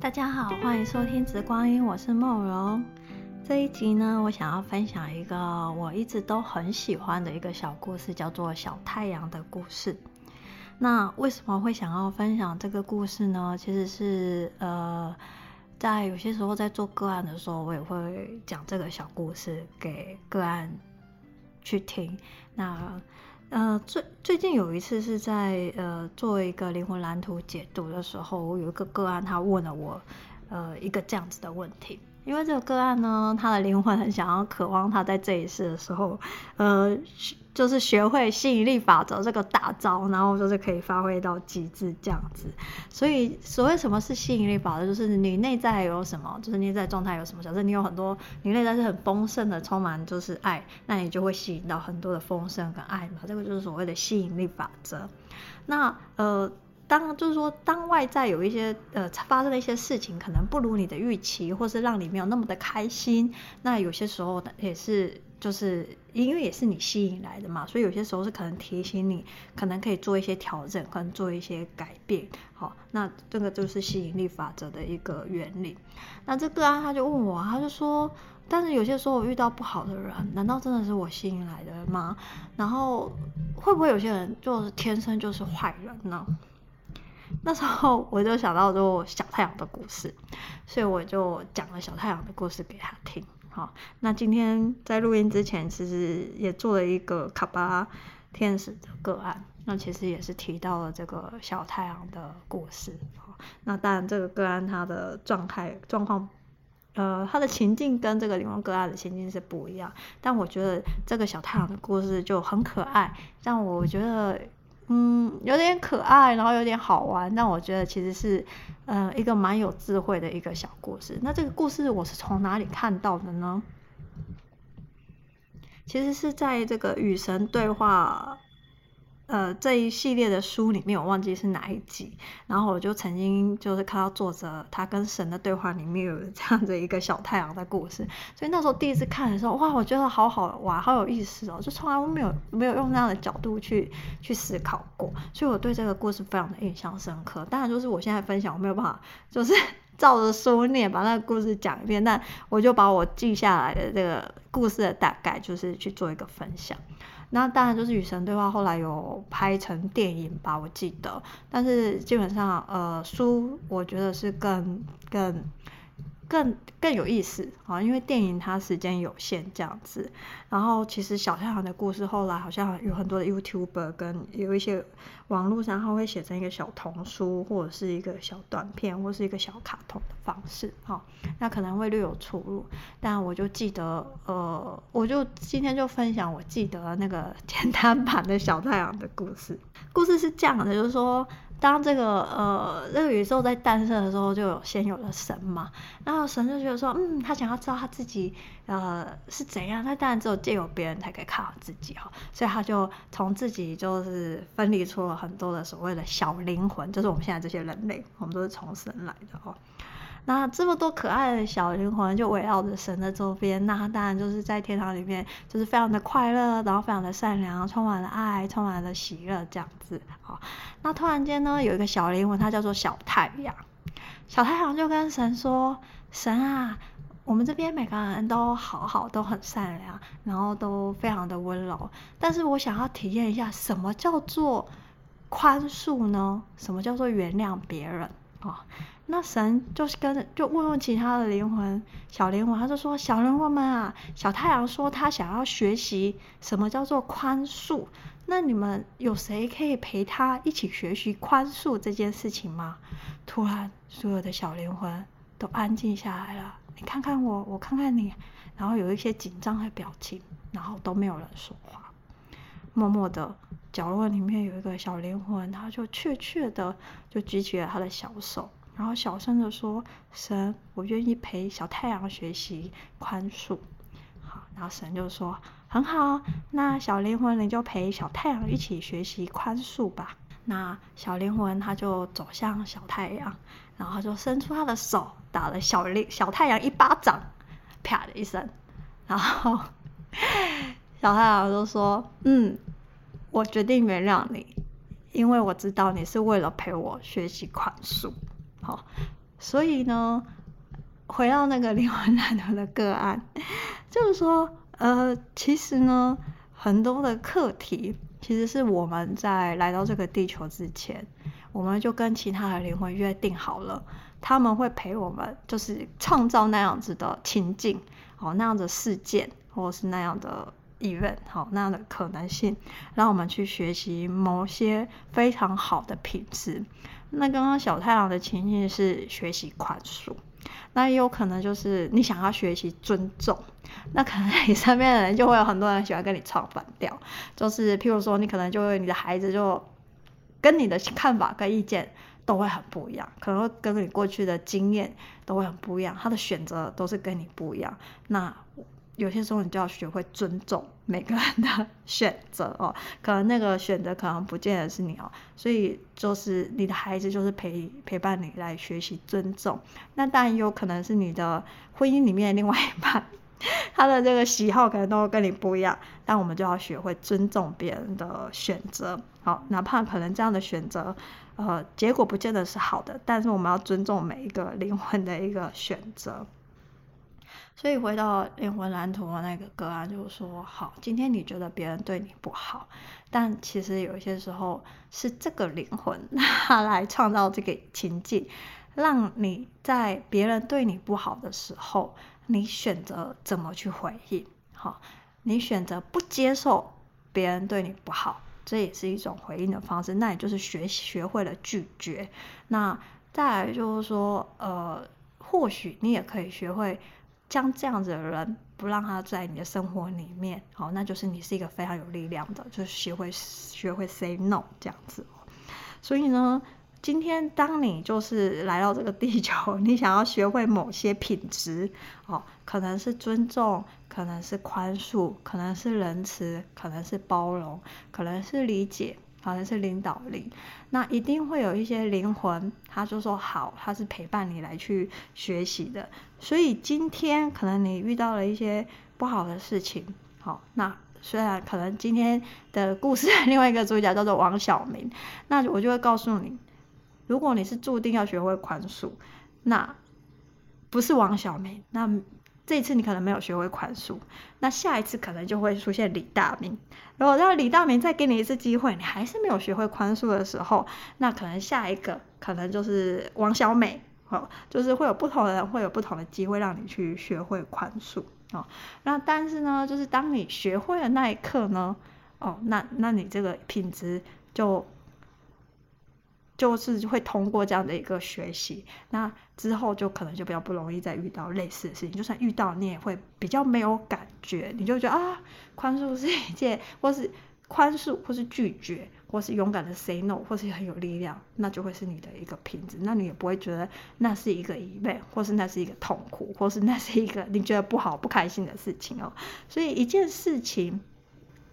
大家好，歡迎收聽《直光音》，我是夢榮。這一集呢，我想要分享一個我一直都很喜歡的一個小故事，叫做《小太陽的故事》。那為什麼會想要分享這個故事呢？其實是呃，在有些時候在做個案的時候，我也會講這個小故事給個案去聽。那呃，最最近有一次是在呃，做一個靈魂藍圖解讀的時候，我有一個個案，他問了我，呃，一個這樣子的問題。因為這個個案呢，他的靈魂很想要、渴望，他在這一世的時候，呃，就是學會吸引力法則這個大招，然後就是可以發揮到極致這樣子。所以，所謂什麼是吸引力法則，就是你內在有什麼，就是你內在狀態有什麼。假設你有很多，你內在是很豐盛的，充滿就是愛，那你就會吸引到很多的豐盛跟愛嘛。這個就是所謂的吸引力法則。那呃。當就是說，當外在有一些呃發生了一些事情，可能不如你的預期，或是讓你沒有那麼的開心，那有些時候也是就是因為也是你吸引來的嘛，所以有些時候是可能提醒你，可能可以做一些調整，可能做一些改變。好，那這個就是吸引力法則的一個原理。那這個啊，他就問我，他就說，但是有些時候我遇到不好的人，難道真的是我吸引來的嗎？然後會不會有些人就是天生就是壞人呢、啊？那時候我就想到做小太陽的故事，所以我就講了小太陽的故事給他聽。好，那今天在錄音之前，其實也做了一個卡巴天使的個案，那其實也是提到了這個小太陽的故事。好，那當然這個個案它，的狀態狀況，呃，它的情境跟這個靈魂個案的情境是不一樣，但我覺得這個小太陽的故事就很可愛，但我覺得。嗯，有點可愛，然後有點好玩，但我覺得其實是，嗯，呃，一個蠻有智慧的一個小故事。那這個故事我是從哪裡看到的呢？其實是在這個與神對話。呃，這一系列的書裡面，我忘記是哪一集，然後我就曾經就是看到作者他跟神的對話裡面有這樣的一個小太陽的故事，所以那時候第一次看的時候，哇，我覺得好好玩，好有意思哦！就從來我沒有沒有用那樣的角度去去思考過，所以我對這個故事非常的印象深刻。當然，就是我現在分享，我沒有辦法就是照着書念，把那個故事講一遍，但我就把我記下來的這個故事的大概，就是去做一個分享。那當然就是與神對話，後來有拍成電影吧，我記得。但是基本上，呃，書我覺得是更更。更更有意思啊，因為電影它時間有限這樣子，然後其實小太陽的故事後來好像有很多的 YouTuber 跟有一些網絡上它會寫成一個小童書或者是一個小短片或者是一個小卡通的方式哈，那可能會略有出入，但我就記得呃，我就今天就分享我記得那個簡單版的小太陽的故事，故事是這樣的，就是說。當這個呃，這個宇宙在誕生的時候，就有先有了神嘛。然後神就覺得說，嗯，他想要知道他自己呃是怎樣，他當然只有借由別人才可以看好自己哦。所以他就從自己就是分離出了很多的所謂的小靈魂，就是我們現在這些人類，我們都是從神來的哦。那這麼多可愛的小靈魂就圍繞着神的周邊，那當然就是在天堂裡面，就是非常的快樂，然後非常的善良，充滿了愛，充滿了喜樂，這樣子。好，那突然間呢，有一個小靈魂，它叫做小太陽。小太陽就跟神說：“神啊，我們這邊每個人都好好，都很善良，然後都非常的溫柔。但是我想要體驗一下，什麼叫做寬恕呢？什麼叫做原諒別人啊？”那神就是跟就問問其他的靈魂小靈魂，他就說：“小靈魂們啊，小太陽說他想要學習什麼叫做寬恕，那你們有誰可以陪他一起學習寬恕這件事情嗎？”突然，所有的小靈魂都安靜下來了。你看看我，我看看你，然後有一些緊張的表情，然後都沒有人說話。默默的角落裡面有一個小靈魂，他就怯怯的就舉起了他的小手。然後小聲的說：“神，我願意陪小太陽學習寬恕。”好，然後神就說：“很好，那小靈魂你就陪小太陽一起學習寬恕吧。”那小靈魂他就走向小太陽，然後就伸出他的手打了小靈小太陽一巴掌，啪的一聲，然後小太陽就說：“嗯，我決定原諒你，因為我知道你是為了陪我學習寬恕。”好，所以呢，回到那個靈魂藍圖的個案，就是說，呃，其實呢，很多的課題，其實是我們在來到這個地球之前，我們就跟其他的靈魂約定好了，他們會陪我們，就是創造那樣子的情境，好，那樣的事件，或是那樣的 event，好，那樣的可能性，讓我們去學習某些非常好的品質。那剛剛小太陽的情緒是學習寬恕，那也有可能就是你想要學習尊重，那可能你身邊的人就會有很多人喜歡跟你唱反調，就是譬如說你可能就會你的孩子就，跟你的看法跟意見都會很不一樣，可能會跟你過去的經驗都會很不一樣，他的選擇都是跟你不一樣，那。有些時候你就要學會尊重每個人的選擇哦，可能那個選擇可能不見得是你哦，所以就是你的孩子就是陪陪伴你來學習尊重。那當然也有可能是你的婚姻裡面的另外一半，他的這個喜好可能都跟你不一樣，但我們就要學會尊重別人的選擇。好，哪怕可能這樣的選擇，呃，結果不見得是好的，但是我們要尊重每一個靈魂的一個選擇。所以回到靈魂藍圖那個個案，啊，就是說，好，今天你覺得別人對你不好，但其實有些時候是這個靈魂 它來創造這個情境，讓你在別人對你不好的時候，你選擇怎麼去回應。好，你選擇不接受別人對你不好，這也是一種回應的方式。那也就是學學會了拒絕。那再來就是說，呃，或許你也可以學會。像這樣子的人，不讓他在你的生活裡面，好，哦，那就是你是一個非常有力量的，就學會學會 say no 這樣子。所以呢，今天當你就是來到這個地球，你想要學會某些品質，哦，可能是尊重，可能是寬恕，可能是仁慈，可能是包容，可能是理解。好像是領導力，那一定會有一些靈魂，他就說好，他是陪伴你來去學習的。所以今天可能你遇到了一些不好的事情，好，那雖然可能今天的故事另外一個主角叫做王小明，那我就會告訴你，如果你是注定要學會寬恕，那不是王小明，那。這一次你可能沒有學會寬恕，那下一次可能就會出現李大明。如果讓李大明再給你一次機會，你還是沒有學會寬恕的時候，那可能下一個可能就是王小美哦，就是會有不同的人，會有不同的機會讓你去學會寬恕哦。那但是呢，就是當你學會了那一刻呢，哦，那那你這個品質就。就是會通過這樣的一個學習，那之後就可能就比較不容易再遇到類似的事情。就算遇到，你也會比較沒有感覺。你就覺得啊，寬恕是一件，或是寬恕，或是拒絕，或是勇敢的 say no，或是很有力量，那就會是你的一個品質。那你也不會覺得那是一個疑問或是那是一個痛苦，或是那是一個你覺得不好、不開心的事情哦。所以一件事情，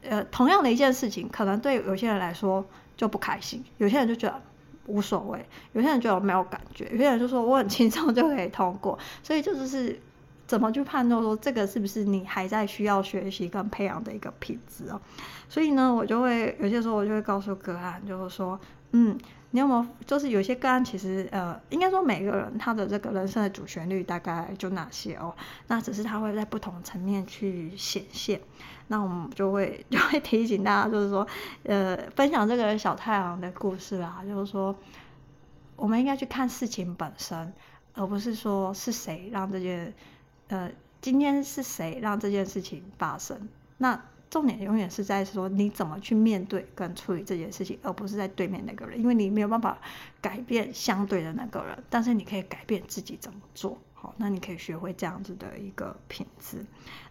呃，同樣的一件事情，可能對有些人來說就不開心，有些人就覺得無所謂，有些人覺得我沒有感覺，有些人就說我很輕鬆就可以通過，所以就是怎麼去判斷說，這個是不是你還在需要學習跟培養的一個品質哦，所以呢，我就會有些時候我就會告訴哥翰，就是說，嗯。你有沒有就是有些個案，其實呃，應該說每個人他的這個人生的主旋律大概就那些哦？那只是他會在不同層面去顯現。那我們就會就會提醒大家，就是說，呃，分享這個人小太陽的故事啦，就是說，我們應該去看事情本身，而不是說是誰讓這件，呃，今天是誰讓這件事情發生？那。重點永遠是在說你怎麼去面對跟處理這件事情，而不是在對面那個人，因為你沒有辦法改變相對的那個人，但是你可以改變自己怎麼做。好，那你可以學會這樣子的一個品質。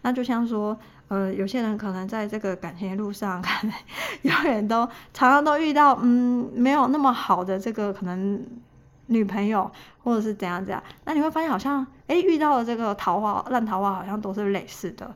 那就像說，呃，有些人可能在這個感情的路上，可能永遠都常常都遇到，嗯，沒有那麼好的這個可能女朋友或者是怎樣怎樣，那你會發現好像，哎、欸，遇到的這個桃花爛桃花好像都是類似的。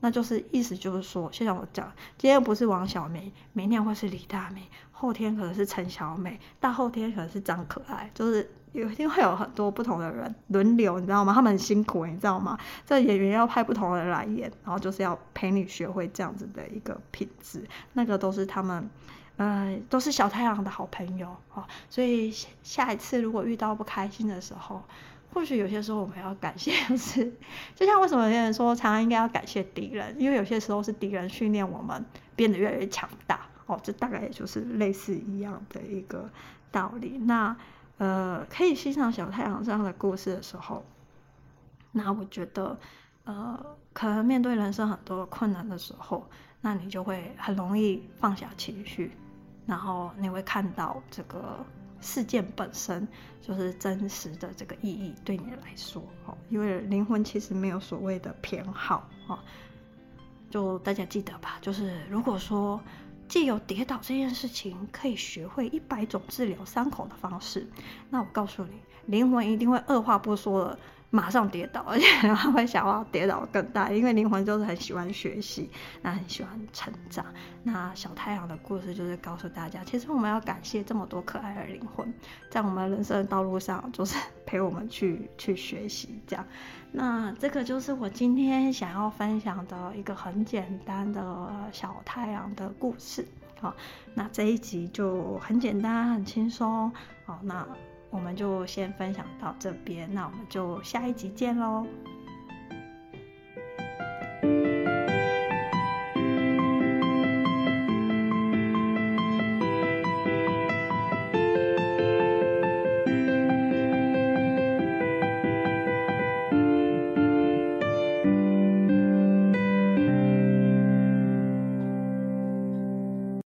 那就是意思就是說，現在我講，今天不是王小梅，明天會是李大梅，後天可能是陳小美，大後天可能是張可愛，就是有一定會有很多不同的人輪流，你知道嗎？他們很辛苦，你知道嗎？這演員要派不同的人來演，然後就是要陪你學會這樣子的一個品質，那個都是他們，嗯、呃，都是小太陽的好朋友哦。所以下一次如果遇到不開心的時候。或許有些時候我們要感謝的是，就是就像為什麼有些人說常常應該要感謝敵人，因為有些時候是敵人訓練我們變得越來越強大。哦，這大概也就是類似一樣的一個道理。那呃，可以欣賞小太陽這樣的故事的時候，那我覺得呃，可能面對人生很多困難的時候，那你就會很容易放下情緒，然後你會看到這個。事件本身就是真實的這個意義，對你來說，哦，因為靈魂其實沒有所謂的偏好，哦，就大家記得吧，就是如果說既有跌倒這件事情，可以學會一百種治療傷口的方式，那我告訴你，靈魂一定會二話不說了，馬上跌倒，而且他會想要跌倒更大，因為靈魂就是很喜歡學習，那很喜歡成長。那小太陽的故事就是告訴大家，其實我們要感謝這麼多可愛的靈魂，在我們人生的道路上，就是陪我們去去學習這樣。那這個就是我今天想要分享的一個很簡單的小太陽的故事。好，那這一集就很簡單，很輕鬆。好，那。我們就先分享到這邊，那我們就下一集見嘍。